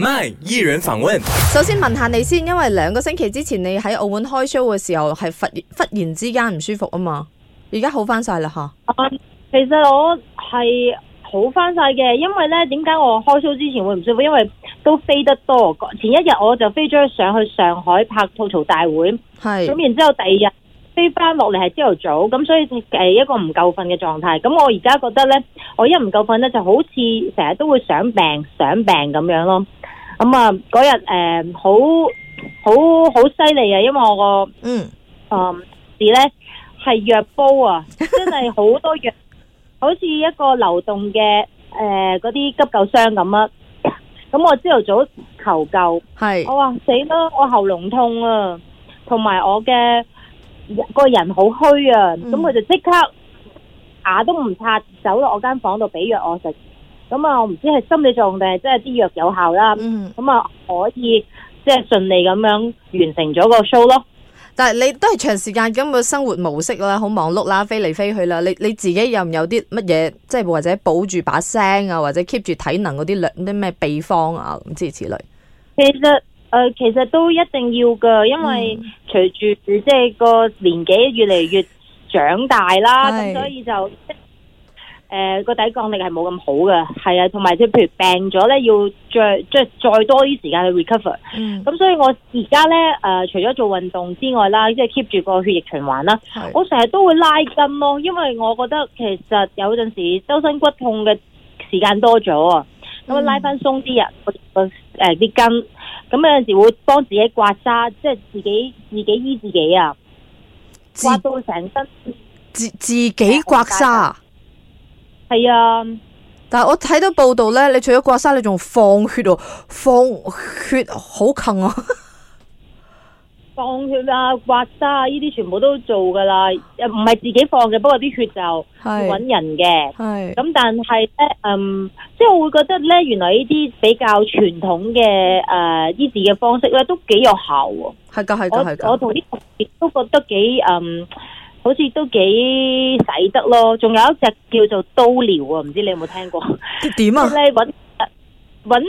藝人訪問。首先問下你先，因為兩個星期之前你喺澳門開 show 嘅時候係忽忽然之間唔舒服啊嘛，而家好翻晒啦吓。其實我係好翻晒嘅，因為呢點解我開 show 之前會唔舒服？因為都飛得多，前一日我就飛咗上去上海拍吐槽大會，係。咁然之後第二日。飛翻落嚟係朝頭早，咁所以誒一個唔夠瞓嘅狀態。咁我而家覺得咧，我一唔夠瞓咧就好似成日都會想病想病咁樣咯。咁啊嗰日誒好好好犀利啊！因為我個嗯啊事咧係藥煲啊，真係好多藥，好似一個流動嘅誒嗰啲急救箱咁啊。咁我朝頭早求救，係我話死啦！我喉嚨痛啊，同埋我嘅。個人好虛啊，咁、嗯、佢就即刻牙都唔刷，走落我間房度俾藥我食。咁啊，我唔知係心理作用定係即係啲藥有效啦。咁、嗯、啊，可以即係順利咁樣完成咗個 show 咯。但係你都係長時間咁嘅生活模式啦，好忙碌啦，飛嚟飛去啦。你你自己有唔有啲乜嘢，即係或者保住把聲啊，或者 keep 住體能嗰啲兩啲咩秘方啊，咁之類？其實。誒、呃，其實都一定要噶，因為隨住即係個年紀越嚟越長大啦，咁所以就誒個抵抗力係冇咁好噶，係啊，同埋即係譬如病咗咧，要著著再多啲時間去 recover。咁、嗯、所以我而家咧誒，除咗做運動之外啦，即係 keep 住個血液循環啦，我成日都會拉筋咯，因為我覺得其實有陣時周身骨痛嘅時間多咗啊，咁拉翻鬆啲人個誒啲筋。呃咁有陣時會幫自己刮痧，即係自己自己醫自己啊！刮到成身，自自，自己刮痧，係啊！但係我睇到報道咧，你除咗刮痧，你仲放血喎，放血好近啊！放血啊、刮痧啊，依啲全部都做噶啦，又唔係自己放嘅，不過啲血就要揾人嘅。咁但係咧，嗯，即係我會覺得咧，原來依啲比較傳統嘅誒醫治嘅方式咧，都幾有效喎。係噶，係噶，係噶。我同啲同事都覺得幾嗯，好似都幾使得咯。仲有一隻叫做刀療啊，唔知你有冇聽過？即點啊？你揾？揾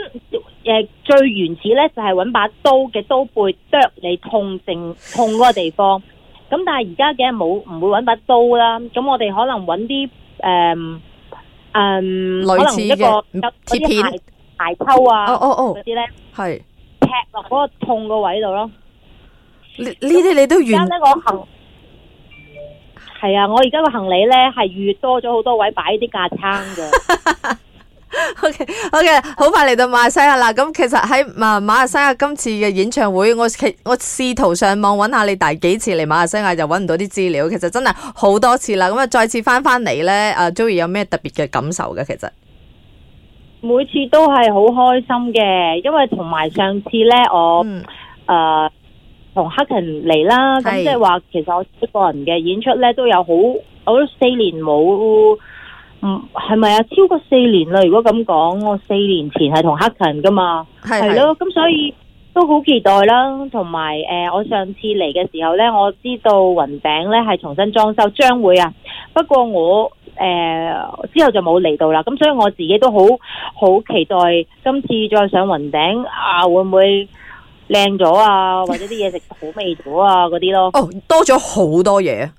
誒，最原始咧就係揾把刀嘅刀背啄你痛剩痛嗰個地方。咁但係而家梗係唔會揾把刀啦。咁我哋可能揾啲誒，嗯、呃呃，類似嘅，嗰啲鞋大抽啊，哦哦哦，嗰啲咧係劈落嗰個痛個位度咯。呢呢啲你都預？而家呢我行係啊，我而家個行李咧係預多咗好多位擺啲架撐噶。 O K，O K，好快嚟到馬來西亞啦。咁其實喺馬馬來西亞今次嘅演唱會，我我試圖上網揾下你第幾次嚟馬來西亞就揾唔到啲資料。其實真係好多次啦。咁啊，再次翻翻嚟咧，阿 Joey 有咩特別嘅感受嘅？其實每次都係好開心嘅，因為同埋上次咧、嗯，我誒同、呃、黑擎嚟啦。咁即係話，其實我一個人嘅演出咧都有好，我都四年冇。嗯，係咪啊？超過四年啦！如果咁講，我四年前係同黑勤噶嘛，係係咯。咁所以都好期待啦。同埋誒，我上次嚟嘅時候呢，我知道雲頂呢係重新裝修，將會啊。不過我誒、呃、之後就冇嚟到啦。咁所以我自己都好好期待今次再上雲頂啊，會唔會靚咗啊？或者啲嘢食好味道啊？嗰啲咯哦，多咗好多嘢。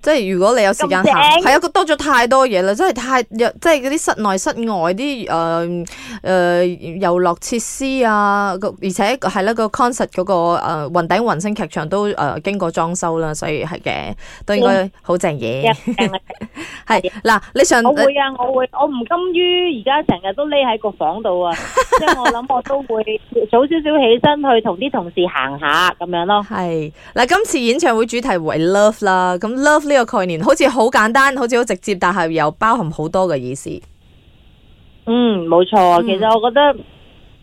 即係如果你有時間行，係啊，佢多咗太多嘢啦，真係太，即係嗰啲室內室外啲誒誒遊樂設施啊，而且係啦個 concert 嗰個誒雲頂雲星劇場都誒經過裝修啦，所以係嘅都應該好正嘢。係嗱，你上我會啊，我會，我唔甘於而家成日都匿喺個房度啊，即係我諗我都會早少少起身去同啲同事行下咁樣咯。係嗱，今次演唱會主題為 love 啦，咁 love。呢、這個概念好似好簡單，好似好直接，但係又包含好多嘅意思。嗯，冇錯。其實我覺得，嗯、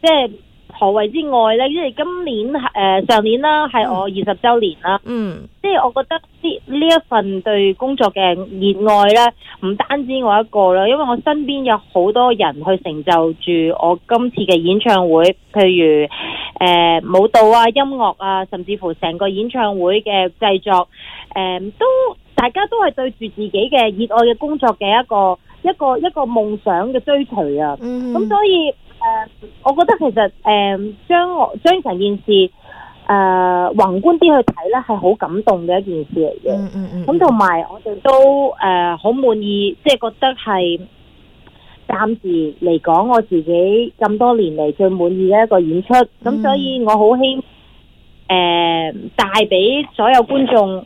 即係何謂之愛呢？因為今年係誒、呃、上年啦，係我二十周年啦。嗯，即係我覺得呢呢一份對工作嘅熱愛呢，唔單止我一個啦，因為我身邊有好多人去成就住我今次嘅演唱會，譬如誒、呃、舞蹈啊、音樂啊，甚至乎成個演唱會嘅製作，誒、呃、都。大家都係對住自己嘅熱愛嘅工作嘅一個一個一個夢想嘅追隨啊！咁所以誒，我覺得其實誒，將我將成件事誒宏觀啲去睇咧，係好感動嘅一件事嚟嘅。咁同埋我哋都誒好滿意，即係覺得係暫時嚟講，我自己咁多年嚟最滿意嘅一個演出。咁所以我好興誒，帶俾所有觀眾。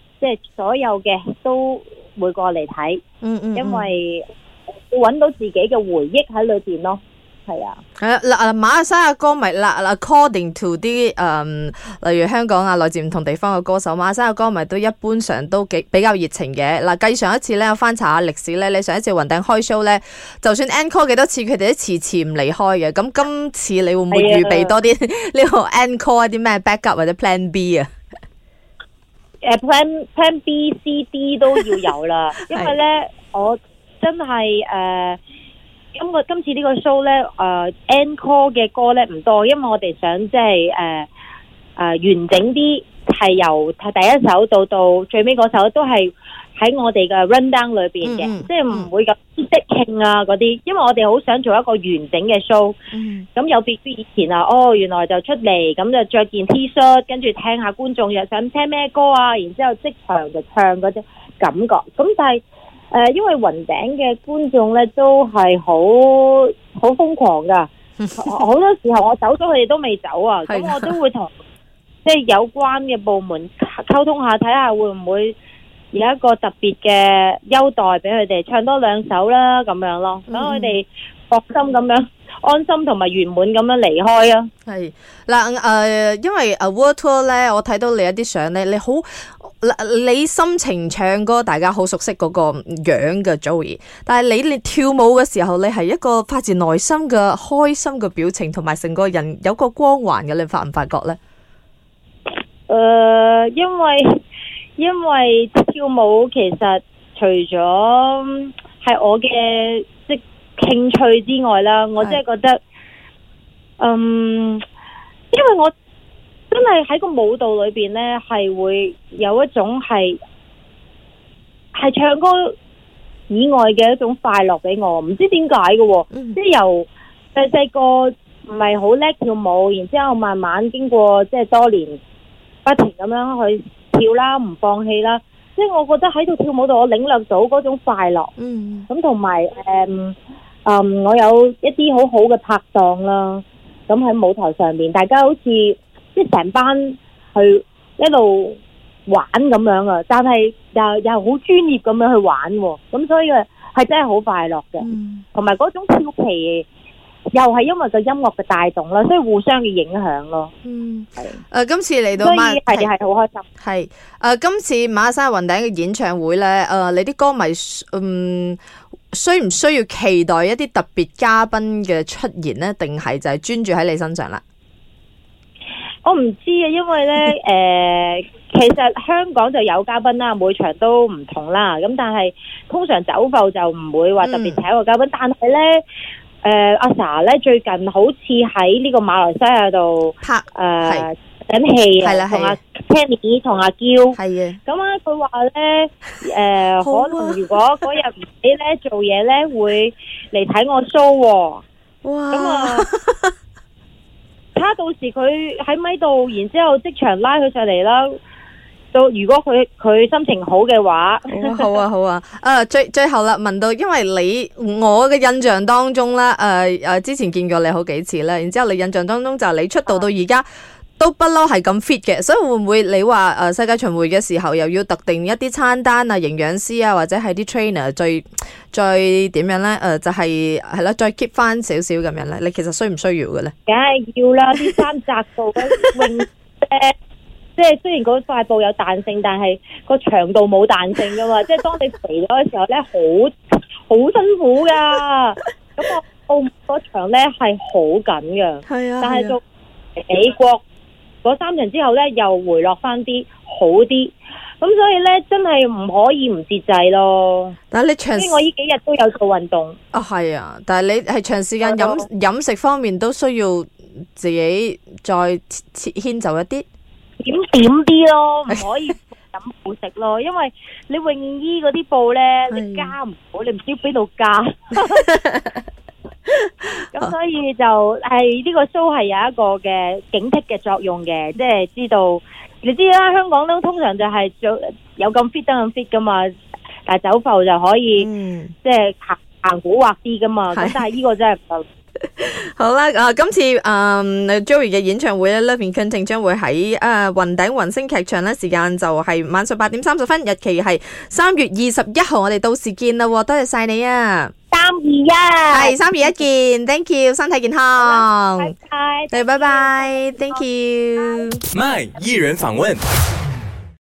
即係所有嘅都會過嚟睇，嗯，嗯嗯，因為會揾到自己嘅回憶喺裏邊咯，係啊。係啊，嗱，馬來西亞歌迷嗱、啊、，according to 啲誒，例如香港啊，來自唔同地方嘅歌手，馬來西亞歌迷都一般上都幾比較熱情嘅。嗱、啊，繼上一次咧，我翻查下歷史咧，你上一次雲頂開 show 咧，就算 encore 幾多次，佢哋都遲遲唔離開嘅。咁今次你會唔會預備多啲呢個 encore 啊？啲 咩 backup 或者 plan B 啊？誒、啊、，plan plan B C D 都要有啦、 呃，因為咧我真係誒，今個今次呢個 show 咧誒、呃、，encore 嘅歌咧唔多，因為我哋想即係誒誒完整啲。係由第一首到到最尾嗰首都係喺我哋嘅 rundown 裏邊嘅，即係唔會咁即興啊嗰啲，因為我哋好想做一個完整嘅 show。咁有別於以前啊，哦，原來就出嚟咁就着件 T-shirt，跟住聽下觀眾又想聽咩歌啊，然之後即場就唱嗰啲感覺。咁但係誒，因為雲頂嘅觀眾呢都係好好瘋狂噶，好多時候我走咗佢哋都未走啊，咁我都會同。即係有關嘅部門溝通下，睇下會唔會有一個特別嘅優待俾佢哋唱多兩首啦，咁樣咯，等佢哋放心咁樣安心同埋圓滿咁樣離開啊。係嗱誒，因為 A World Tour 咧，我睇到你一啲相咧，你好，你心情唱歌，大家好熟悉嗰個樣嘅 Joey，但係你，你跳舞嘅時候，你係一個發自內心嘅開心嘅表情，同埋成個人有個光環嘅，你發唔發覺咧？誒、呃，因為因為跳舞其實除咗係我嘅即興趣之外啦，我真係覺得，嗯，因為我真係喺個舞蹈裏邊咧，係會有一種係係唱歌以外嘅一種快樂俾我。唔知點解嘅，mm-hmm. 即由細細個唔係好叻跳舞，然之後慢慢經過即係多年。不停咁樣去跳啦，唔放棄啦。即係我覺得喺度跳舞度，我領略到嗰種快樂。嗯。咁同埋誒，嗯，我有一啲好好嘅拍檔啦。咁喺舞台上面，大家好似即係成班去一路玩咁樣啊！但係又又好專業咁樣去玩，咁所以啊，係真係好快樂嘅。嗯。同埋嗰種調皮。又係因為個音樂嘅帶動啦，所以互相嘅影響咯。嗯，係。誒，今次嚟到馬，係係好開心。係誒，今次馬山雲頂嘅演唱會咧，誒，你啲歌迷，嗯，需唔需要期待一啲特別嘉賓嘅出現咧？定係就係專注喺你身上啦？我唔知啊，因為咧，誒，其實香港就有嘉賓啦，每場都唔同啦。咁但係通常走埠就唔會話特別請個嘉賓，但係咧。誒、呃，阿 Sa 咧最近好似喺呢個馬來西亞度拍誒等戲啊，同、呃、阿 Kenny 同阿嬌，係啊。咁啊，佢話咧誒，呃、 可能如果嗰日唔俾咧做嘢咧，會嚟睇我 show，哦。哇！咁啊，睇 下到時佢喺咪度，然之後即場拉佢上嚟啦。到如果佢佢心情好嘅話，好啊好啊誒、啊啊，最最後啦，問到，因為你我嘅印象當中咧，誒、啊、誒、啊，之前見過你好幾次咧，然之後你印象當中就係你出道到而家、啊、都不嬲係咁 fit 嘅，所以會唔會你話誒、啊、世界巡迴嘅時候又要特定一啲餐單啊、營養師啊或者係啲 trainer 最最點樣咧？誒、啊，就係係啦，再 keep 翻少少咁樣咧，你其實需唔需要嘅咧？梗係要啦，啲三窄度。 即係雖然嗰塊布有彈性，但係個長度冇彈性噶嘛。 即係當你肥咗嘅時候咧，好好辛苦噶。咁個澳門場咧係好緊嘅。係 啊。但係到美國嗰三場之後咧，又回落翻啲好啲。咁所以咧，真係唔可以唔節制咯。但係你長時，我呢幾日都有做運動啊，係啊。但係你係長時間飲飲食方面都需要自己再牽走一啲。點點啲咯，唔可以咁好食咯，因為你泳衣嗰啲布咧，你加唔好，你唔知邊度加。咁所以就係呢個 show 係有一個嘅警惕嘅作用嘅，即係知道你知啦，香港都通常就係做有咁 fit 得咁 fit 噶嘛，但係走浮就可以即係行行蠱惑啲噶嘛，咁但係呢個真係唔夠。 好啦，啊、呃，今次啊、呃、Joey 嘅演唱會咧，Love in Canton 將會喺啊雲頂雲星劇場呢，時間就係晚上八點三十分，日期係三月二十一號，我哋到時見啦，多謝晒你啊，三二一，係 三月一見 ，Thank you，身體健康，係，誒， 拜拜 ，Thank you，My 藝人訪問。